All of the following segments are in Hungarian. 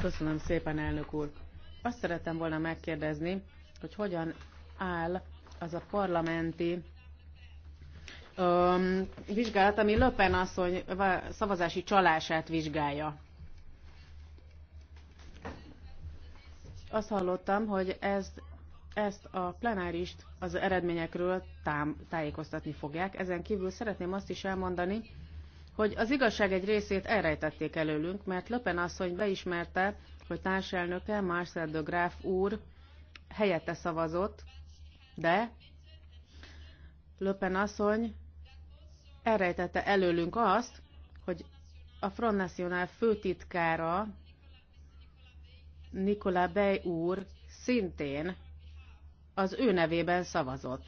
Köszönöm szépen, elnök úr. Azt szerettem volna megkérdezni, hogy hogyan áll az a parlamenti vizsgálat, ami Löpen asszony szavazási csalását vizsgálja. Azt hallottam, hogy ez, ezt a plenárist az eredményekről tám, tájékoztatni fogják. Ezen kívül szeretném azt is elmondani, hogy az igazság egy részét elrejtették előlünk, mert Löpen asszony beismerte, hogy társelnöke Marcel de Graaf úr helyette szavazott, de Löpen asszony elrejtette előlünk azt, hogy a Front National főtitkára Nikola Bey úr szintén az ő nevében szavazott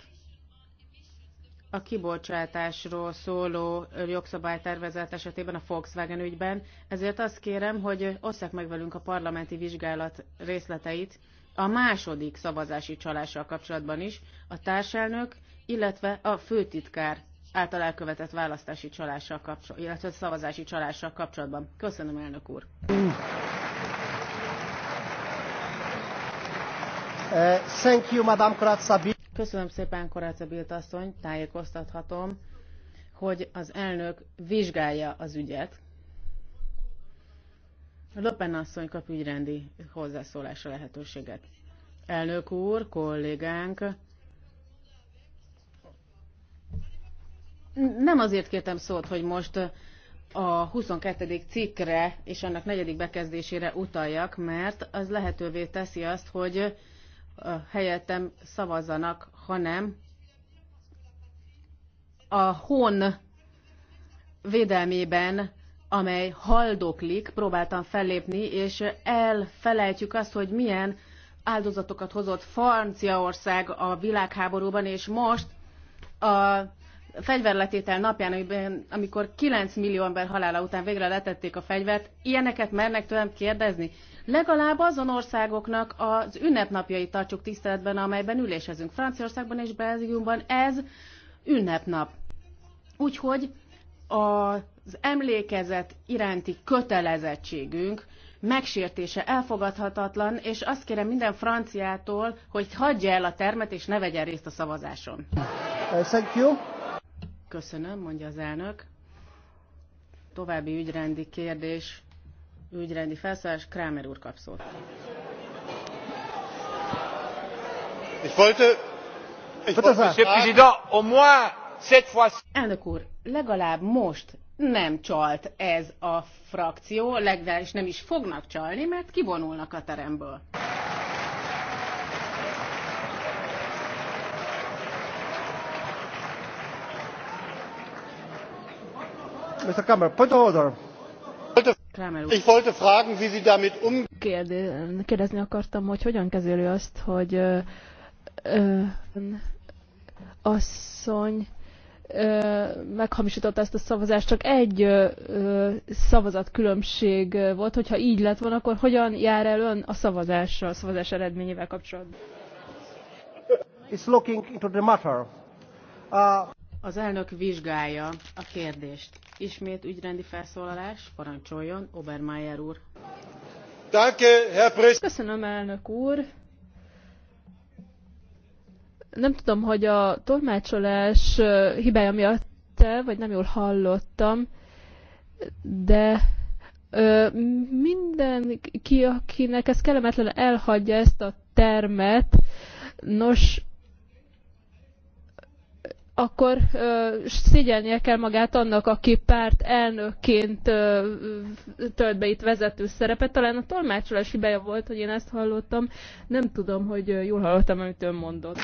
a kibocsátásról szóló jogszabálytervezet esetében, a Volkswagen ügyben, ezért azt kérem, hogy osszák meg velünk a parlamenti vizsgálat részleteit a második szavazási csalással kapcsolatban is, a társelnök, illetve a főtitkár által elkövetett választási csalással kapcsolatban, illetve szavazási csalással kapcsolatban. Köszönöm, elnök úr! Uh, thank you, Madame Kratzabi. Köszönöm szépen, Korácabilt asszony, tájékoztathatom, hogy az elnök vizsgálja az ügyet. Lopen asszony kap ügyrendi hozzászólásra lehetőséget. Elnök úr, kollégánk, nem azért kértem szót, hogy most a 22. cikkre és annak negyedik bekezdésére utaljak, mert az lehetővé teszi azt, hogy helyettem szavazzanak, hanem a hon védelmében, amely haldoklik, próbáltam fellépni, és elfelejtjük azt, hogy milyen áldozatokat hozott Franciaország a világháborúban, és most a fegyverletétel napján, amikor 9 millió ember halála után végre letették a fegyvert, ilyeneket mernek tőlem kérdezni? Legalább azon országoknak az ünnepnapjait tartsuk tiszteletben, amelyben ülésezünk. Franciaországban és Belgiumban ez ünnepnap. Úgyhogy az emlékezet iránti kötelezettségünk megsértése elfogadhatatlan, és azt kérem minden franciától, hogy hagyja el a termet, és ne vegyen részt a szavazáson. Uh, thank you. Köszönöm, mondja az elnök. További ügyrendi kérdés ügyrendi felszállás, Krámer úr kap szót. Elnök úr, legalább most nem csalt ez a frakció, legalábbis nem is fognak csalni, mert kivonulnak a teremből. Mr. Kammer, point of order. Um- kérdezni akartam, hogy hogyan kezeli azt, hogy ö, asszony meghamisította ezt a szavazást, csak egy szavazat különbség volt, hogyha így lett volna, akkor hogyan jár el ön a szavazással, a szavazás eredményével kapcsolatban? It's looking into the matter. Uh... Az elnök vizsgálja a kérdést. Ismét ügyrendi felszólalás, parancsoljon, Obermeier úr. Köszönöm, elnök úr. Nem tudom, hogy a tolmácsolás hibája miatt vagy nem jól hallottam, de mindenki, akinek ez kellemetlen, elhagyja ezt a termet. Nos, akkor ö, szégyelnie kell magát annak, aki párt elnökként ö, tölt be itt vezető szerepet. Talán a tolmácsolás hibája volt, hogy én ezt hallottam. Nem tudom, hogy jól hallottam, amit ön mondott. I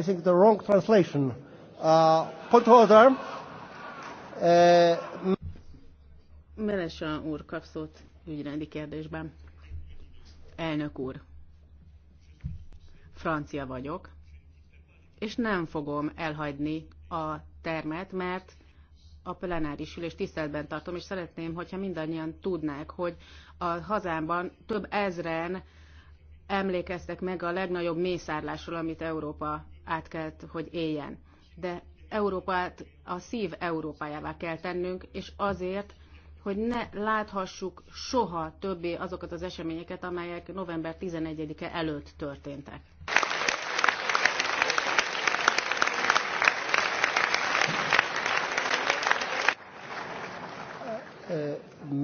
think the wrong translation. Uh, put order. Uh, úr kapszott ügyrendi kérdésben. Elnök úr, francia vagyok, és nem fogom elhagyni a termet, mert a plenáris ülést tiszteletben tartom, és szeretném, hogyha mindannyian tudnák, hogy a hazámban több ezren emlékeztek meg a legnagyobb mészárlásról, amit Európa át kellett, hogy éljen. De Európát a szív Európájává kell tennünk, és azért, hogy ne láthassuk soha többé azokat az eseményeket, amelyek november 11-e előtt történtek.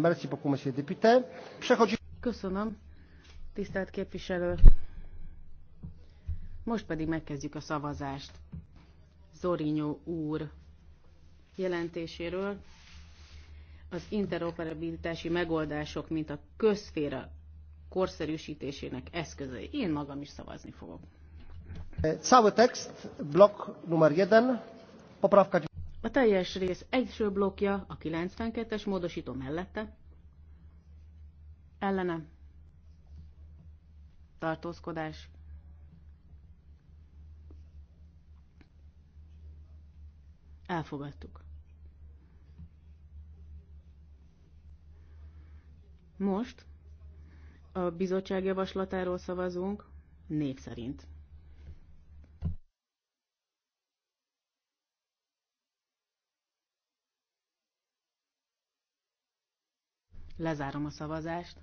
Merci beaucoup, monsieur député. Przechodzi... Köszönöm, tisztelt képviselő. Most pedig megkezdjük a szavazást. Zorinyó úr jelentéséről az interoperabilitási megoldások, mint a közféra korszerűsítésének eszközei. Én magam is szavazni fogok. Cały tekst, blok numer 1, poprawka a teljes rész egyső blokja a 92-es módosító mellette. Ellene. Tartózkodás. Elfogadtuk. Most a bizottság javaslatáról szavazunk név szerint. Lezárom a szavazást.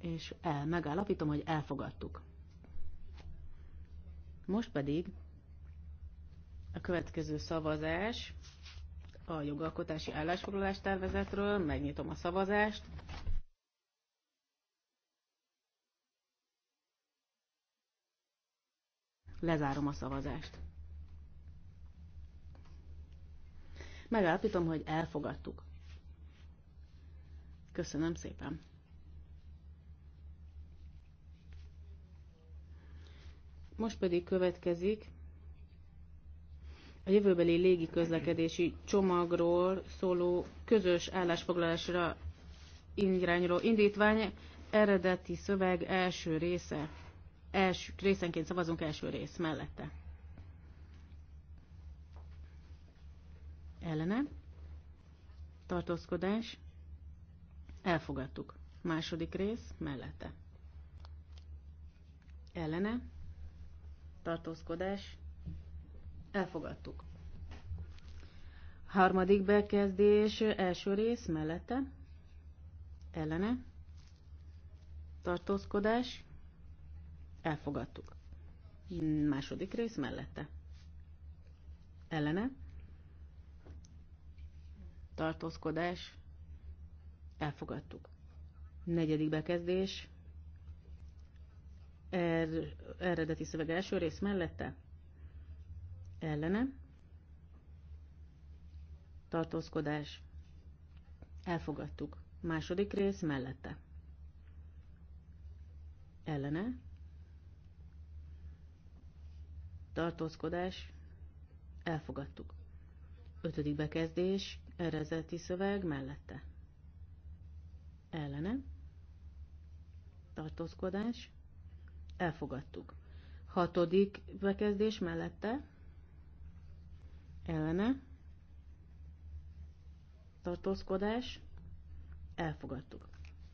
És el, megállapítom, hogy elfogadtuk. Most pedig a következő szavazás a jogalkotási állásfoglalás tervezetről. Megnyitom a szavazást. Lezárom a szavazást. Megállapítom, hogy elfogadtuk. Köszönöm szépen. Most pedig következik a jövőbeli légi közlekedési csomagról szóló közös állásfoglalásra irányuló indítvány eredeti szöveg első része. Első, részenként szavazunk első rész mellette. ellene, tartózkodás, elfogadtuk. Második rész mellette. Ellene, tartózkodás, elfogadtuk. Harmadik bekezdés, első rész mellette, ellene, tartózkodás, elfogadtuk. Második rész mellette. Ellene, tartózkodás, elfogadtuk. Negyedik bekezdés, er, eredeti szöveg első rész mellette, ellene, tartózkodás, elfogadtuk. Második rész mellette, ellene, tartózkodás, elfogadtuk. Ötödik bekezdés, Erezeti szöveg mellette. Ellene. Tartózkodás. Elfogadtuk. Hatodik bekezdés mellette. Ellene. Tartózkodás. Elfogadtuk.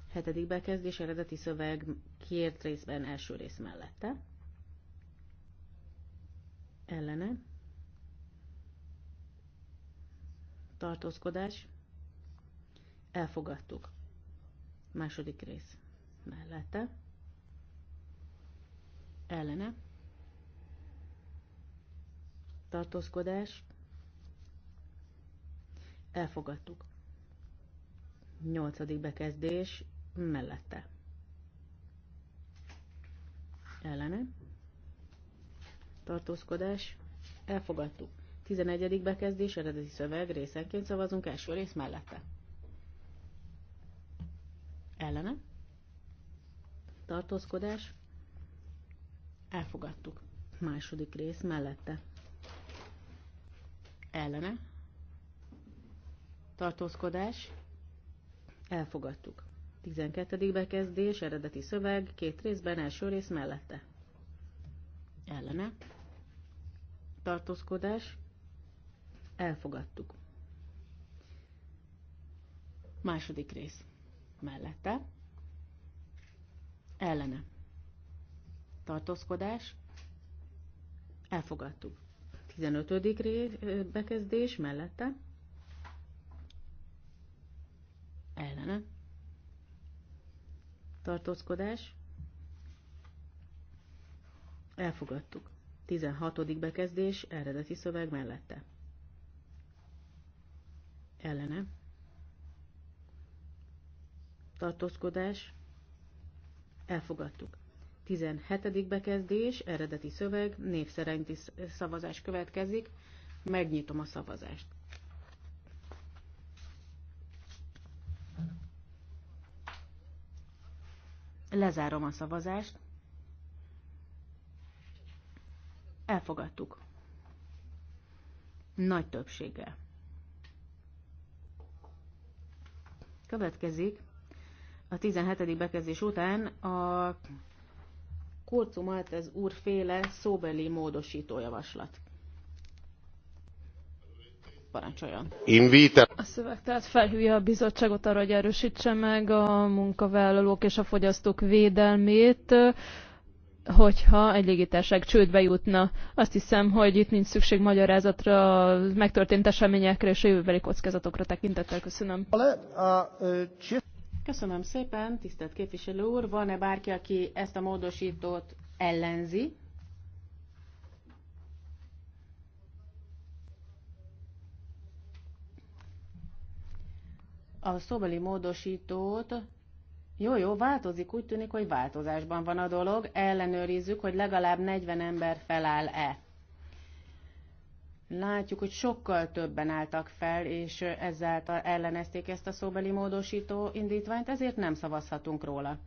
Hetedik bekezdés eredeti szöveg kért részben első rész mellette. Ellene tartózkodás, elfogadtuk. Második rész mellette, ellene, tartózkodás, elfogadtuk. Nyolcadik bekezdés mellette. Ellene. Tartózkodás. Elfogadtuk. 11. bekezdés, eredeti szöveg, részenként szavazunk, első rész mellette. Ellene. Tartózkodás. Elfogadtuk. Második rész mellette. Ellene. Tartózkodás. Elfogadtuk. 12. bekezdés, eredeti szöveg, két részben, első rész mellette. Ellene. Tartózkodás. Elfogadtuk. Második rész. Mellette. Ellene. Tartózkodás. Elfogadtuk. 15. Rész, bekezdés mellette. Ellene. Tartózkodás. Elfogadtuk. 16. bekezdés eredeti szöveg mellette ellene tartózkodás elfogadtuk. 17. bekezdés, eredeti szöveg, név szerinti szavazás következik. Megnyitom a szavazást. Lezárom a szavazást. Elfogadtuk. Nagy többséggel. Következik a 17. bekezdés után a kurcumat az úrféle szóbeli módosító javaslat. Parancsoljon. Invite. A szöveg tehát felhívja a bizottságot arra, hogy erősítse meg a munkavállalók és a fogyasztók védelmét hogyha egy légitárság csődbe jutna. Azt hiszem, hogy itt nincs szükség magyarázatra, megtörtént eseményekre és a jövőbeli kockázatokra tekintettel. Köszönöm. Köszönöm szépen, tisztelt képviselő úr. Van-e bárki, aki ezt a módosítót ellenzi? A szóbeli módosítót jó, jó, változik, úgy tűnik, hogy változásban van a dolog, ellenőrizzük, hogy legalább 40 ember feláll-e. Látjuk, hogy sokkal többen álltak fel, és ezáltal ellenezték ezt a szóbeli módosító indítványt, ezért nem szavazhatunk róla.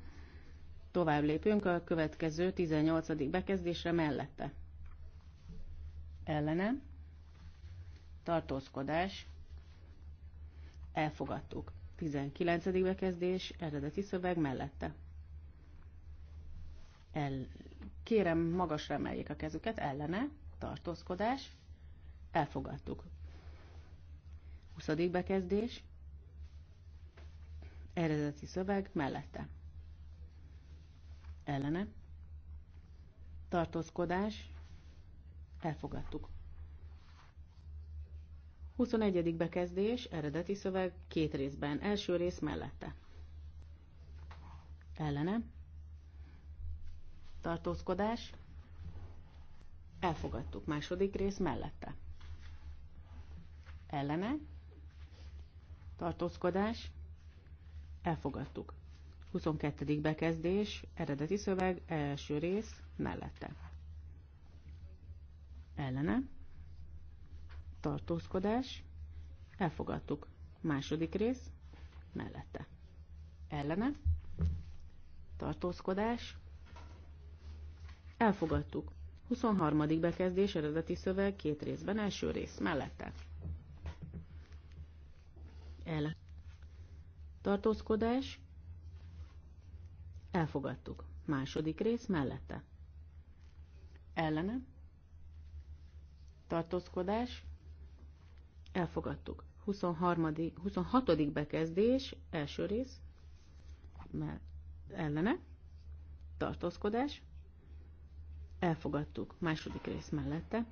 Tovább lépünk a következő 18. bekezdésre mellette. Ellene. Tartózkodás. Elfogadtuk. 19. bekezdés, eredeti szöveg mellette. El, kérem, magasra emeljék a kezüket, ellene, tartózkodás, elfogadtuk. 20. bekezdés, eredeti szöveg mellette. Ellene, tartózkodás, elfogadtuk. 21. bekezdés, eredeti szöveg, két részben, első rész mellette. Ellene. Tartózkodás. Elfogadtuk. Második rész mellette. Ellene. Tartózkodás. Elfogadtuk. 22. bekezdés, eredeti szöveg, első rész mellette. Ellene tartózkodás, elfogadtuk. Második rész, mellette. Ellene, tartózkodás, elfogadtuk. 23. bekezdés eredeti szöveg két részben, első rész, mellette. El. Tartózkodás, elfogadtuk. Második rész, mellette. Ellene, tartózkodás, Elfogadtuk. 23. 26. bekezdés, első rész, mert ellene, tartózkodás, elfogadtuk. Második rész mellette,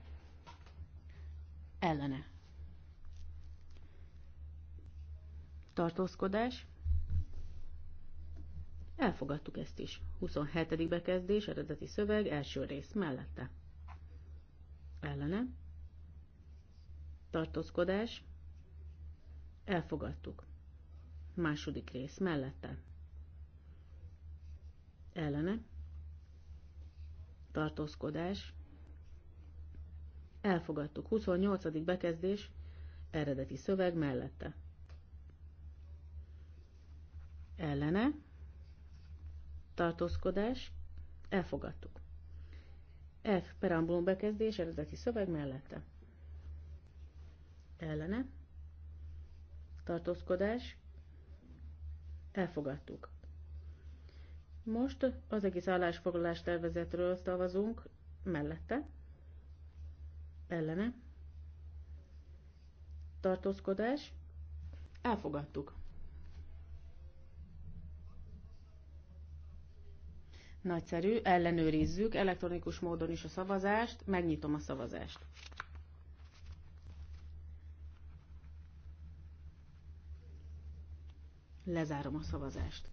ellene, tartózkodás, elfogadtuk ezt is. 27. bekezdés, eredeti szöveg, első rész mellette, ellene, tartózkodás, elfogadtuk. Második rész mellette. Ellene. Tartózkodás. Elfogadtuk. 28. bekezdés. Eredeti szöveg mellette. Ellene. Tartózkodás. Elfogadtuk. F. Perambulum bekezdés. Eredeti szöveg mellette ellene, tartózkodás, elfogadtuk. Most az egész állásfoglalás tervezetről szavazunk mellette, ellene, tartózkodás, elfogadtuk. Nagyszerű, ellenőrizzük elektronikus módon is a szavazást, megnyitom a szavazást. Lezárom a szavazást.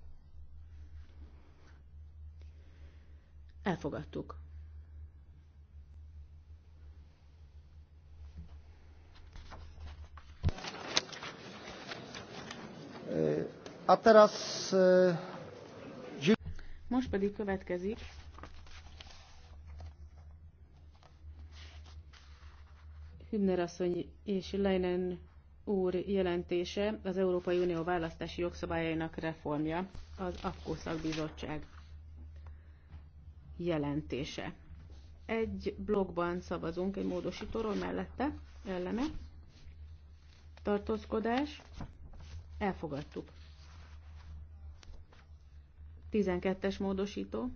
Elfogadtuk. A teraz... E, Most pedig következik Hübner asszony és Leinen úr jelentése az Európai Unió választási jogszabályainak reformja, az AFKO szakbizottság jelentése. Egy blogban szavazunk egy módosítóról mellette, ellene. Tartózkodás. Elfogadtuk. 12-es módosító.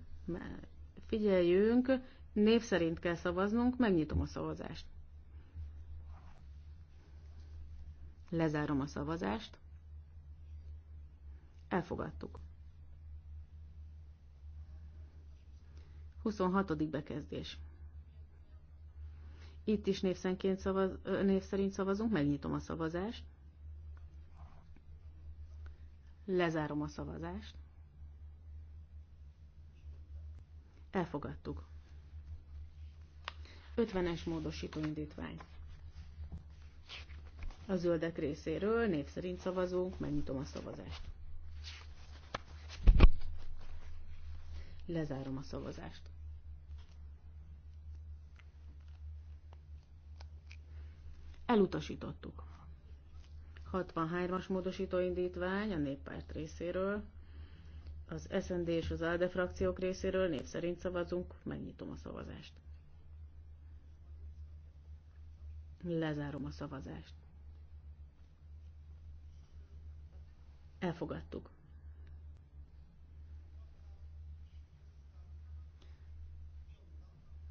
Figyeljünk, név szerint kell szavaznunk, megnyitom a szavazást. Lezárom a szavazást. Elfogadtuk. 26. bekezdés. Itt is név, szavaz, név szerint szavazunk, megnyitom a szavazást. Lezárom a szavazást. Elfogadtuk. 50-es módosító indítvány a zöldek részéről, név szerint szavazunk, megnyitom a szavazást. Lezárom a szavazást. Elutasítottuk. 63-as módosítóindítvány a néppárt részéről, az SND és az ALDE frakciók részéről név szerint szavazunk, megnyitom a szavazást. Lezárom a szavazást. elfogadtuk.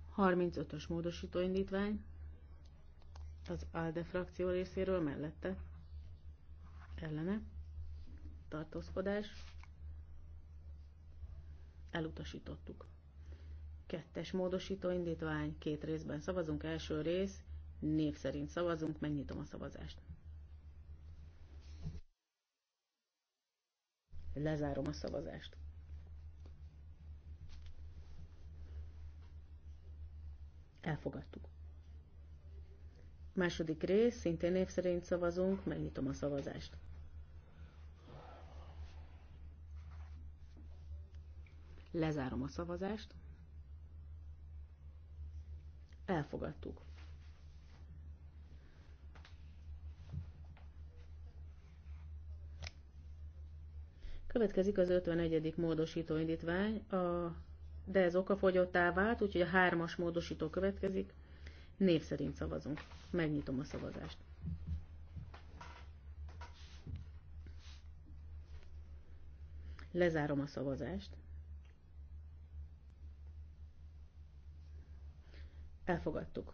Harmincötös módosítóindítvány az ALDE frakció részéről mellette ellene tartózkodás elutasítottuk. Kettes módosítóindítvány, két részben szavazunk, első rész, név szerint szavazunk, megnyitom a szavazást. Lezárom a szavazást. Elfogadtuk. Második rész, szintén név szerint szavazunk, megnyitom a szavazást. Lezárom a szavazást. Elfogadtuk. Következik az 51. módosító indítvány, a, de ez okafogyottá vált, úgyhogy a hármas módosító következik. Név szerint szavazunk. Megnyitom a szavazást. Lezárom a szavazást. Elfogadtuk.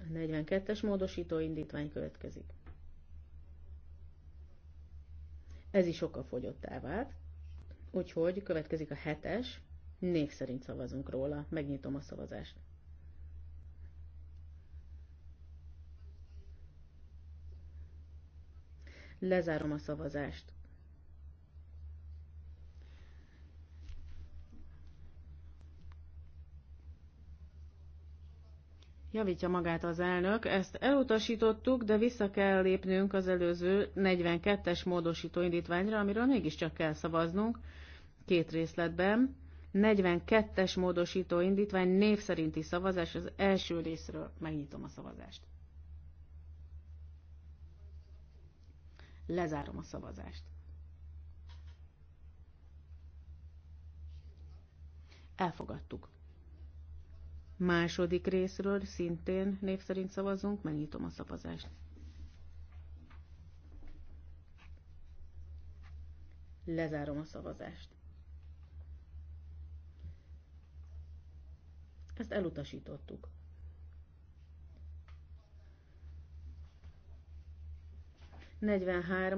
A 42-es módosító indítvány következik. Ez is sokkal fogyottá vált. Úgyhogy következik a hetes, név szerint szavazunk róla. Megnyitom a szavazást. Lezárom a szavazást. Javítja magát az elnök, ezt elutasítottuk, de vissza kell lépnünk az előző 42-es módosító indítványra, amiről mégiscsak kell szavaznunk két részletben. 42-es módosító indítvány név szerinti szavazás az első részről. Megnyitom a szavazást. Lezárom a szavazást. Elfogadtuk. Második részről szintén név szerint szavazunk, megnyitom a szavazást. Lezárom a szavazást. Ezt elutasítottuk.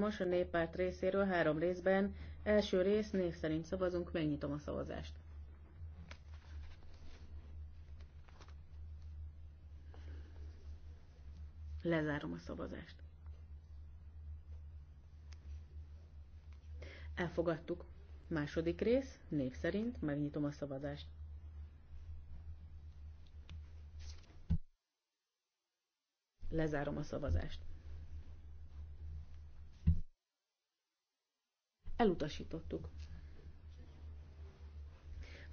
as a néppárt részéről három részben. Első rész név szerint szavazunk, megnyitom a szavazást. Lezárom a szavazást. Elfogadtuk. Második rész, név szerint megnyitom a szavazást. Lezárom a szavazást. Elutasítottuk.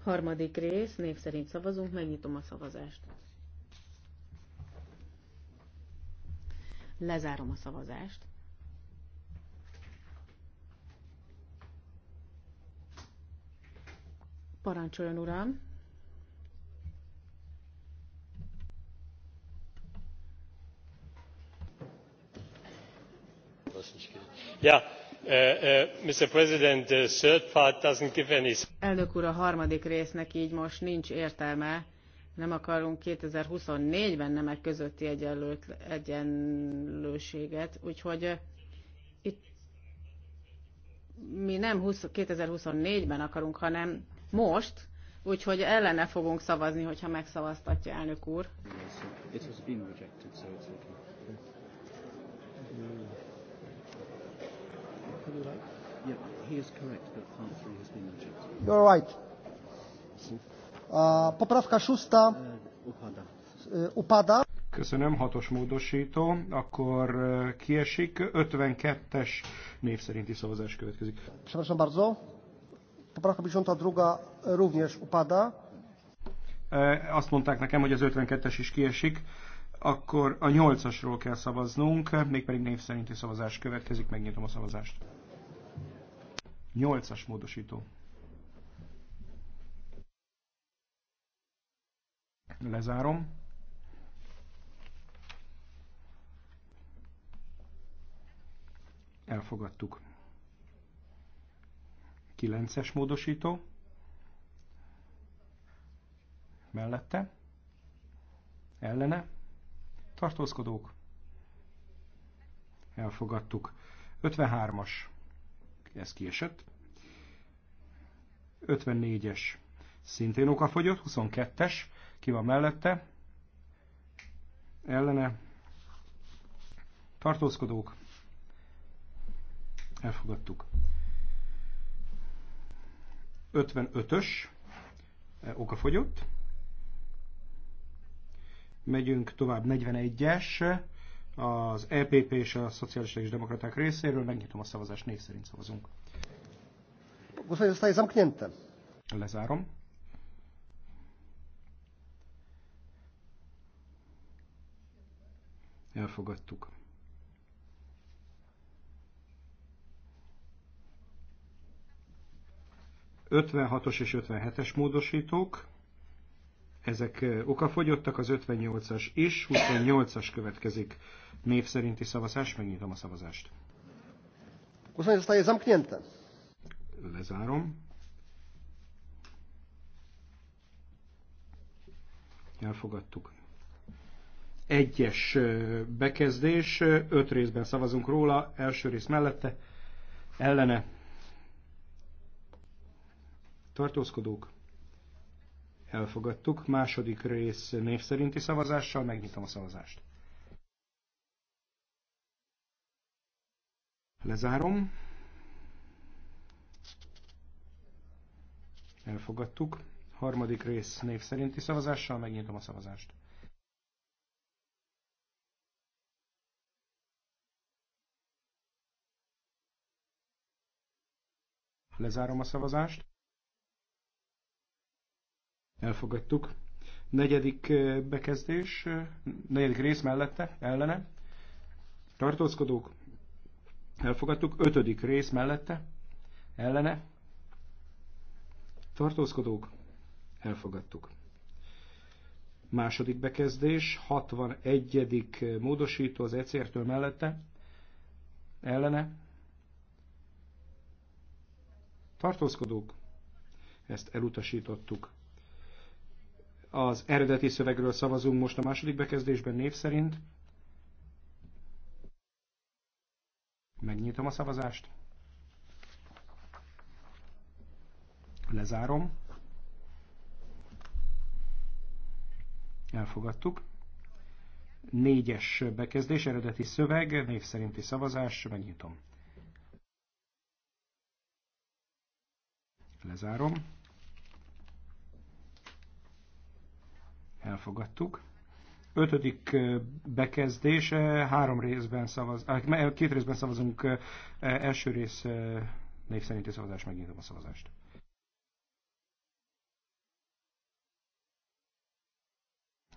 Harmadik rész, név szerint szavazunk, megnyitom a szavazást. Lezárom a szavazást. Parancsoljon, uram! Ja, uh, eh, uh, eh, Mr. President, the third part doesn't give any... Elnök úr, a harmadik résznek így most nincs értelme. Nem akarunk 2024-ben nemek közötti egyenlőt, egyenlőséget, úgyhogy eh, itt mi nem 2024-ben akarunk, hanem most, úgyhogy ellene fogunk szavazni, hogyha megszavaztatja elnök úr. Yeah, he is correct that has been rejected. You're right. A Poprawka szósta e, e, upada. Köszönöm, hatos módosító. Akkor e, kiesik, 52-es név szerinti szavazás következik. Przepraszam bardzo. Poprawka 52 również upada. Azt mondták nekem, hogy az 52-es is kiesik. Akkor a 8-asról kell szavaznunk, mégpedig név szerinti szavazás következik. Megnyitom a szavazást. 8-as módosító. Lezárom. Elfogadtuk. 9-es módosító. Mellette. Ellene. Tartózkodók. Elfogadtuk. 53-as. Ez kiesett. 54-es szintén okafogyott, 22-es, ki van mellette, ellene, tartózkodók, elfogadtuk. 55-ös, e, okafogyott, megyünk tovább 41-es, az EPP és a Szocialisták és Demokraták részéről, megnyitom a szavazást, név szerint szavazunk. Lezárom. Elfogadtuk. Ötvenhatos és 57-es módosítók, ezek eh, okafogyottak, az 58-as is, 28-as következik név szerinti szavazás, megnyitom a szavazást. Lezárom. Elfogadtuk egyes bekezdés, öt részben szavazunk róla, első rész mellette, ellene, tartózkodók, elfogadtuk, második rész név szerinti szavazással, megnyitom a szavazást. Lezárom. Elfogadtuk. Harmadik rész név szerinti szavazással, megnyitom a szavazást. Lezárom a szavazást. Elfogadtuk. Negyedik bekezdés, negyedik rész mellette, ellene. Tartózkodók. Elfogadtuk. Ötödik rész mellette, ellene. Tartózkodók. Elfogadtuk. Második bekezdés, 61. módosító az ecr mellette, ellene tartózkodók, ezt elutasítottuk. Az eredeti szövegről szavazunk most a második bekezdésben név szerint. Megnyitom a szavazást. Lezárom. Elfogadtuk. Négyes bekezdés, eredeti szöveg, név szerinti szavazás, megnyitom. Lezárom. Elfogadtuk. Ötödik bekezdés, három részben szavaz, két részben szavazunk, első rész név szerinti szavazás, megnyitom a szavazást.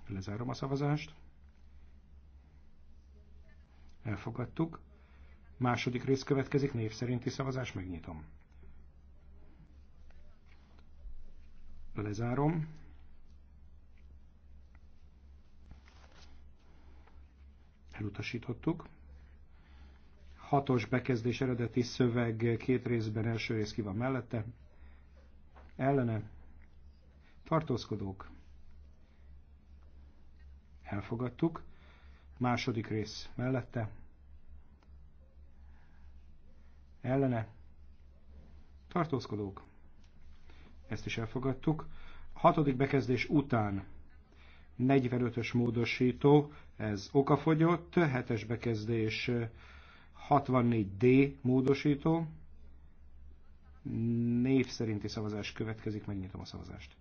Lezárom a szavazást. Elfogadtuk. Második rész következik, név szerinti szavazás, megnyitom. Lezárom. Elutasítottuk. Hatos bekezdés eredeti szöveg két részben, első rész ki van mellette. Ellene. Tartózkodók. Elfogadtuk. Második rész mellette. Ellene. Tartózkodók ezt is elfogadtuk. Hatodik bekezdés után 45-ös módosító, ez okafogyott, Hetes bekezdés 64D módosító, név szerinti szavazás következik, megnyitom a szavazást.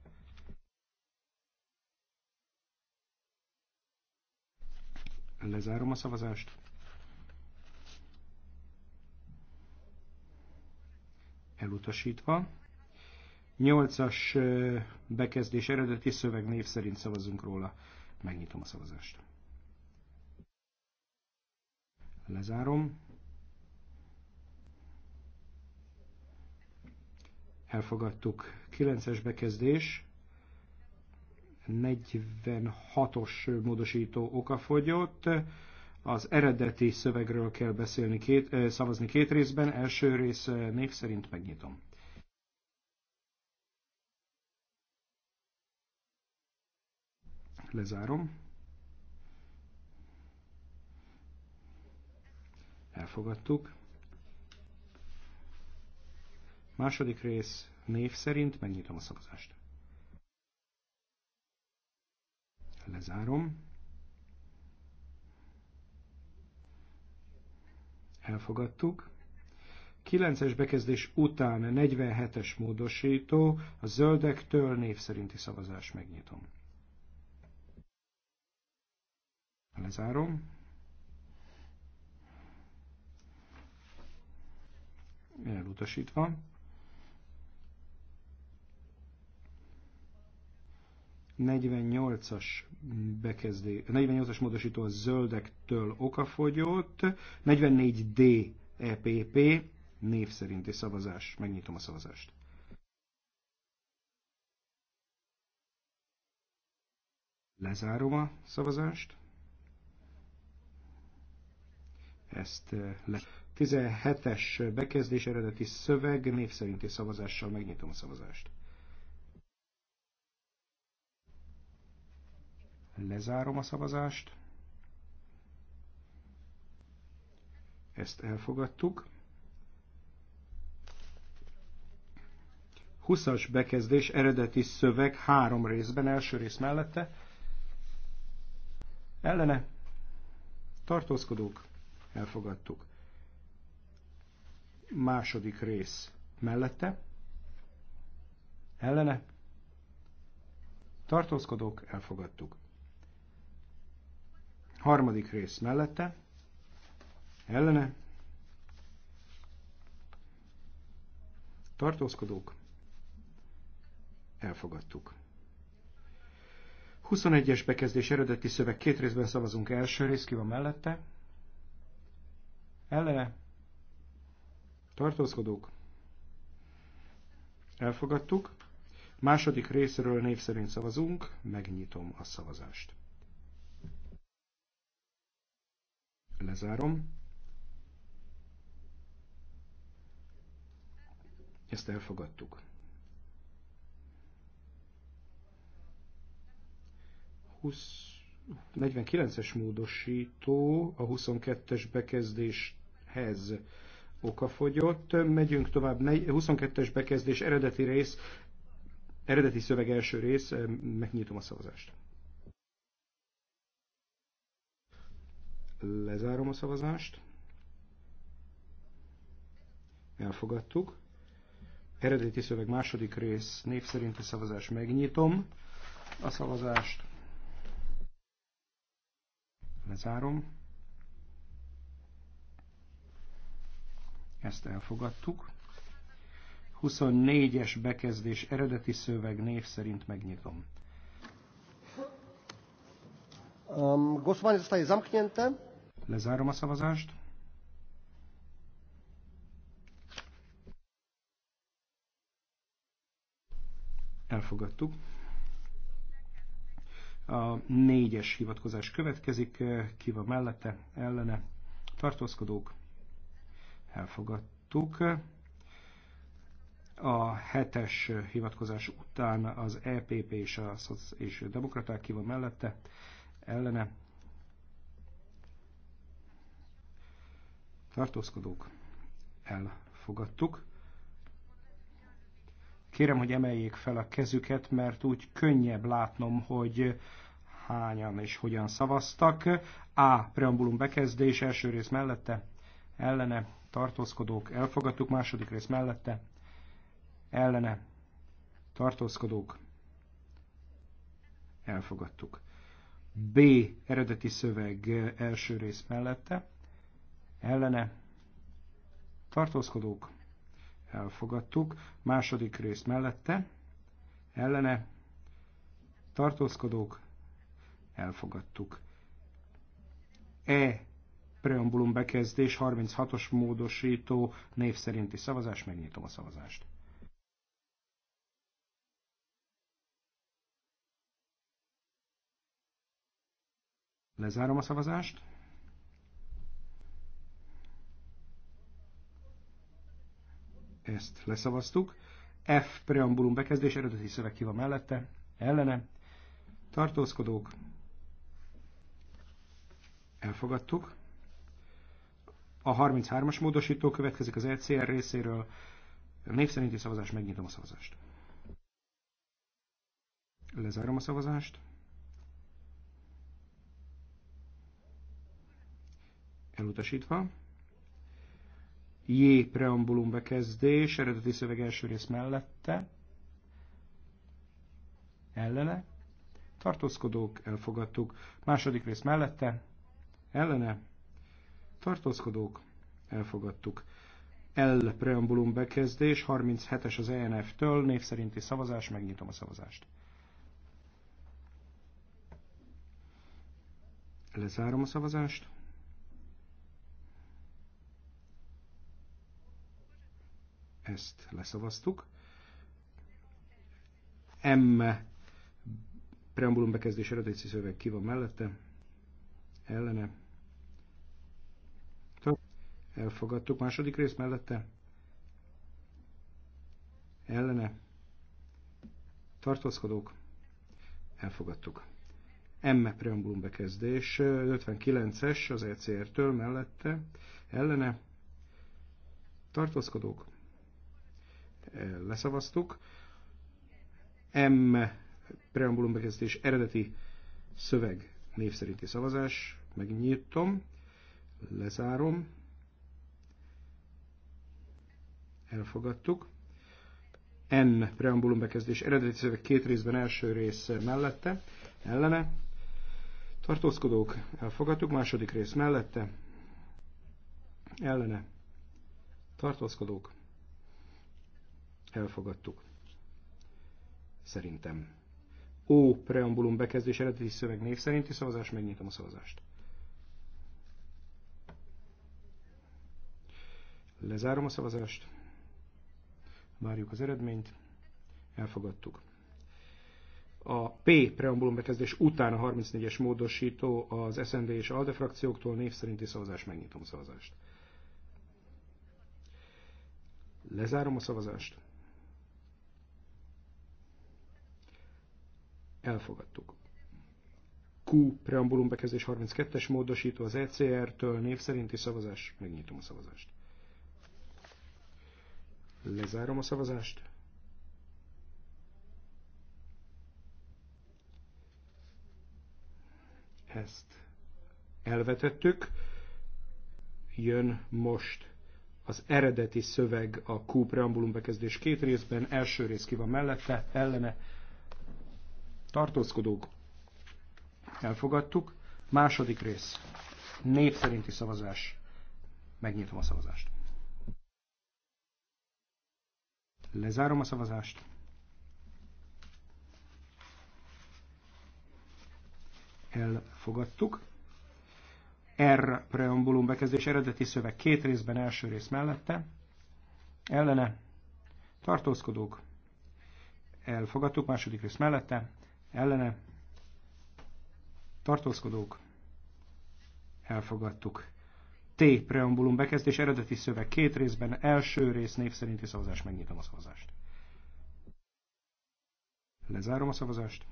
Lezárom a szavazást. Elutasítva. Nyolcas bekezdés eredeti szöveg név szerint szavazunk róla. Megnyitom a szavazást. Lezárom. Elfogadtuk. 9-es bekezdés. 46-os módosító okafogyott. Az eredeti szövegről kell beszélni két, szavazni két részben. Első rész név szerint megnyitom. lezárom. Elfogadtuk. Második rész név szerint megnyitom a szavazást. Lezárom. Elfogadtuk. 9-es bekezdés után 47-es módosító, a zöldektől név szerinti szavazás megnyitom. Lezárom. Elutasítva. as bekezdé, 48-as módosító a zöldektől okafogyott, 44D EPP név szerinti szavazás. Megnyitom a szavazást. Lezárom a szavazást. ezt le. 17-es bekezdés eredeti szöveg, név szerinti szavazással megnyitom a szavazást. Lezárom a szavazást. Ezt elfogadtuk. 20-as bekezdés eredeti szöveg három részben, első rész mellette. Ellene tartózkodók elfogadtuk. Második rész mellette, ellene, tartózkodók, elfogadtuk. Harmadik rész mellette, ellene, tartózkodók, elfogadtuk. 21-es bekezdés eredeti szöveg két részben szavazunk első rész, ki van mellette, ellene tartózkodók elfogadtuk. Második részről név szerint szavazunk, megnyitom a szavazást. Lezárom. Ezt elfogadtuk. Husz... 49-es módosító a 22-es bekezdés hez okafogyott. Megyünk tovább, 22-es bekezdés, eredeti rész, eredeti szöveg első rész, megnyitom a szavazást. Lezárom a szavazást. Elfogadtuk. Eredeti szöveg második rész, név szerinti szavazás, megnyitom a szavazást. Lezárom. Ezt elfogadtuk. 24-es bekezdés eredeti szöveg név szerint megnyitom. Um, zostaje zamknięte. Lezárom a szavazást. Elfogadtuk. A négyes hivatkozás következik. Ki van mellette? Ellene? Tartózkodók? elfogadtuk. A hetes hivatkozás után az EPP és a, és a demokraták ki van mellette, ellene. Tartózkodók elfogadtuk. Kérem, hogy emeljék fel a kezüket, mert úgy könnyebb látnom, hogy hányan és hogyan szavaztak. A. Preambulum bekezdés, első rész mellette, ellene tartózkodók, elfogadtuk, második rész mellette, ellene, tartózkodók, elfogadtuk. B. Eredeti szöveg első rész mellette, ellene, tartózkodók, elfogadtuk, második rész mellette, ellene, tartózkodók, elfogadtuk. E preambulum bekezdés 36-os módosító név szerinti szavazás, megnyitom a szavazást. Lezárom a szavazást. Ezt leszavaztuk. F preambulum bekezdés, eredeti szöveg ki van mellette, ellene. Tartózkodók. Elfogadtuk. A 33-as módosító következik az ECR részéről. Név szerinti szavazás, megnyitom a szavazást. Lezárom a szavazást. Elutasítva. J. Preambulum bekezdés, eredeti szöveg első rész mellette. Ellene. Tartózkodók, elfogadtuk. Második rész mellette. Ellene tartózkodók, elfogadtuk. L preambulum bekezdés, 37-es az ENF-től, név szerinti szavazás, megnyitom a szavazást. Lezárom a szavazást. Ezt leszavaztuk. M preambulum bekezdés eredeti szöveg ki van mellette, ellene, Elfogadtuk. Második rész mellette? Ellene? Tartózkodók? Elfogadtuk. M preambulum bekezdés, 59-es az ECR-től mellette, ellene tartózkodók. Leszavaztuk. M preambulum bekezdés eredeti szöveg név szerinti szavazás. Megnyitom, lezárom. elfogadtuk. N preambulum bekezdés eredeti szöveg két részben első rész mellette, ellene. Tartózkodók elfogadtuk, második rész mellette, ellene. Tartózkodók elfogadtuk. Szerintem. Ó preambulum bekezdés eredeti szöveg név szerinti szavazás, megnyitom a szavazást. Lezárom a szavazást. Várjuk az eredményt. Elfogadtuk. A P preambulum bekezdés után a 34-es módosító az SND és ALDE frakcióktól név szerinti szavazás. Megnyitom a szavazást. Lezárom a szavazást. Elfogadtuk. Q preambulum bekezdés 32-es módosító az ECR-től név szerinti szavazás. Megnyitom a szavazást. Lezárom a szavazást. Ezt elvetettük. Jön most az eredeti szöveg a Q preambulum bekezdés két részben. Első rész ki van mellette, ellene. Tartózkodók. Elfogadtuk. Második rész. Népszerinti szerinti szavazás. Megnyitom a szavazást. Lezárom a szavazást. Elfogadtuk. R preambulum bekezdés eredeti szöveg két részben első rész mellette. Ellene. Tartózkodók. Elfogadtuk második rész mellette. Ellene. Tartózkodók. Elfogadtuk T preambulum bekezdés eredeti szöveg két részben, első rész név szerinti szavazás, megnyitom a szavazást. Lezárom a szavazást.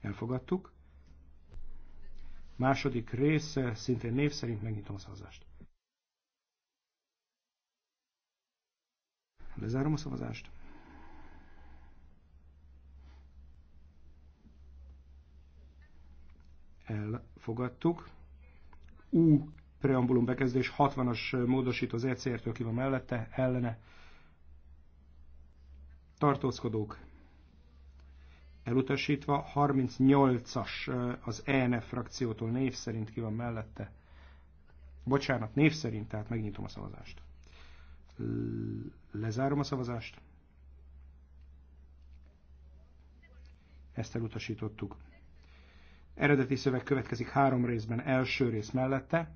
Elfogadtuk. Második rész, szintén név szerint megnyitom a szavazást. Lezárom a szavazást. elfogadtuk. U preambulum bekezdés 60-as módosító az ECR-től ki van mellette, ellene tartózkodók elutasítva, 38-as az ENF frakciótól név szerint ki van mellette. Bocsánat, név szerint, tehát megnyitom a szavazást. Lezárom a szavazást. Ezt elutasítottuk. Eredeti szöveg következik három részben, első rész mellette.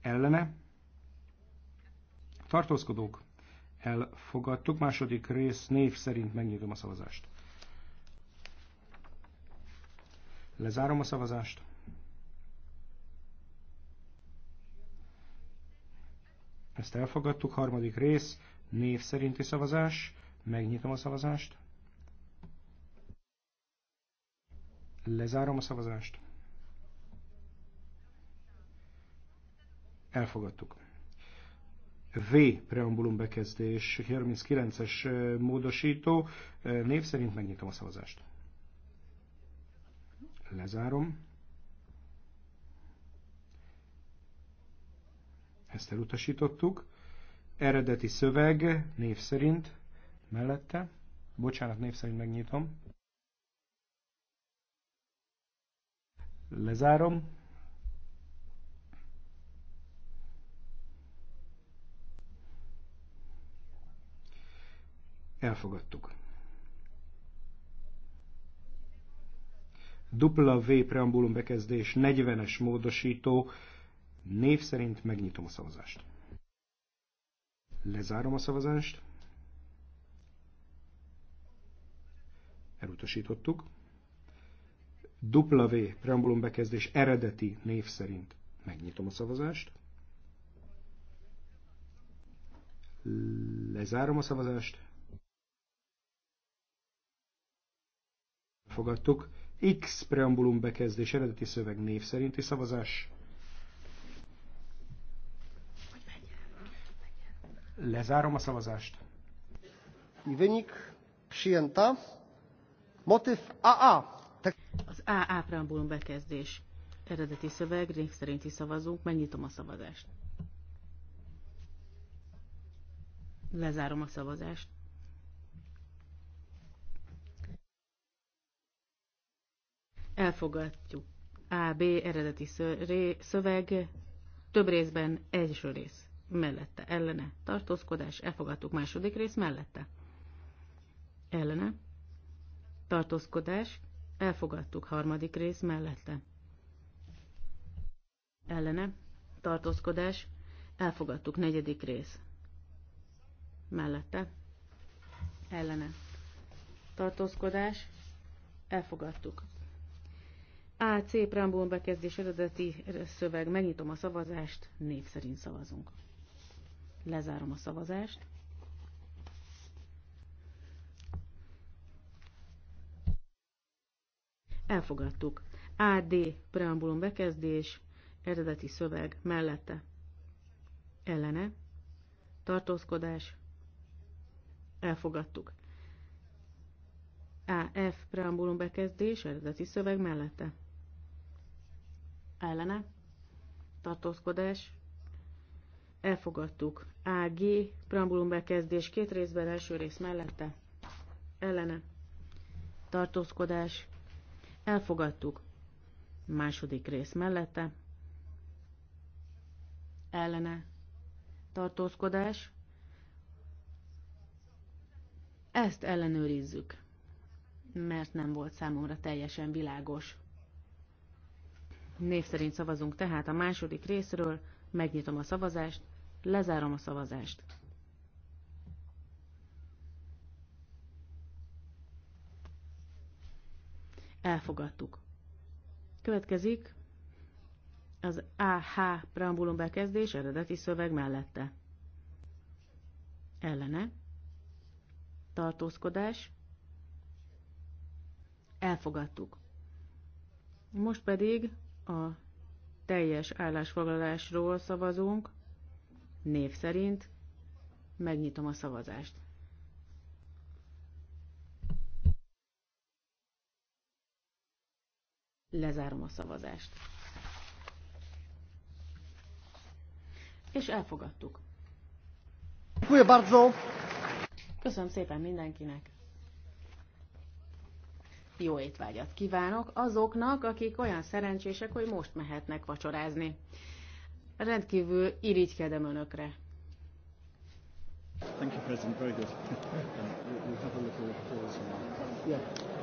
Ellene. Tartózkodók. Elfogadtuk. Második rész név szerint megnyitom a szavazást. Lezárom a szavazást. Ezt elfogadtuk. Harmadik rész, név szerinti szavazás. Megnyitom a szavazást. Lezárom a szavazást. Elfogadtuk. V preambulum bekezdés 39-es módosító. Név szerint megnyitom a szavazást. Lezárom. Ezt elutasítottuk. Eredeti szöveg név szerint mellette. Bocsánat, név szerint megnyitom. Lezárom. Elfogadtuk. V preambulum bekezdés 40-es módosító név szerint megnyitom a szavazást. Lezárom a szavazást. Elutasítottuk. W preambulum bekezdés eredeti név szerint. Megnyitom a szavazást. Lezárom a szavazást. Fogadtuk. X preambulum bekezdés eredeti szöveg név szerinti szavazás. Lezárom a szavazást. Wynik przyjęta. Motyw AA az A preambulum bekezdés. Eredeti szöveg, név szerinti szavazók, megnyitom a szavazást. Lezárom a szavazást. Elfogadjuk. AB eredeti szöveg, több részben első rész mellette, ellene, tartózkodás, elfogadtuk második rész mellette, ellene, tartózkodás, Elfogadtuk harmadik rész mellette. Ellene. Tartózkodás. Elfogadtuk negyedik rész. Mellette. Ellene. Tartózkodás. Elfogadtuk. A. C. Prambón bekezdés eredeti szöveg. Megnyitom a szavazást. Név szerint szavazunk. Lezárom a szavazást. Elfogadtuk. AD preambulum bekezdés, eredeti szöveg mellette. Ellene. Tartózkodás. Elfogadtuk. AF preambulum bekezdés, eredeti szöveg mellette. Ellene. Tartózkodás. Elfogadtuk. AG preambulum bekezdés két részben, első rész mellette. Ellene. Tartózkodás Elfogadtuk. Második rész mellette. Ellene. Tartózkodás. Ezt ellenőrizzük, mert nem volt számomra teljesen világos. Név szerint szavazunk tehát a második részről, megnyitom a szavazást, lezárom a szavazást. Elfogadtuk. Következik az AH preambulum bekezdés eredeti szöveg mellette. Ellene. Tartózkodás. Elfogadtuk. Most pedig a teljes állásfoglalásról szavazunk. Név szerint megnyitom a szavazást. Lezárom a szavazást. És elfogadtuk. Köszönöm szépen mindenkinek. Jó étvágyat kívánok azoknak, akik olyan szerencsések, hogy most mehetnek vacsorázni. Rendkívül irigykedem önökre. Thank you, President. Very good. Um, we'll have a little pause now. Yeah.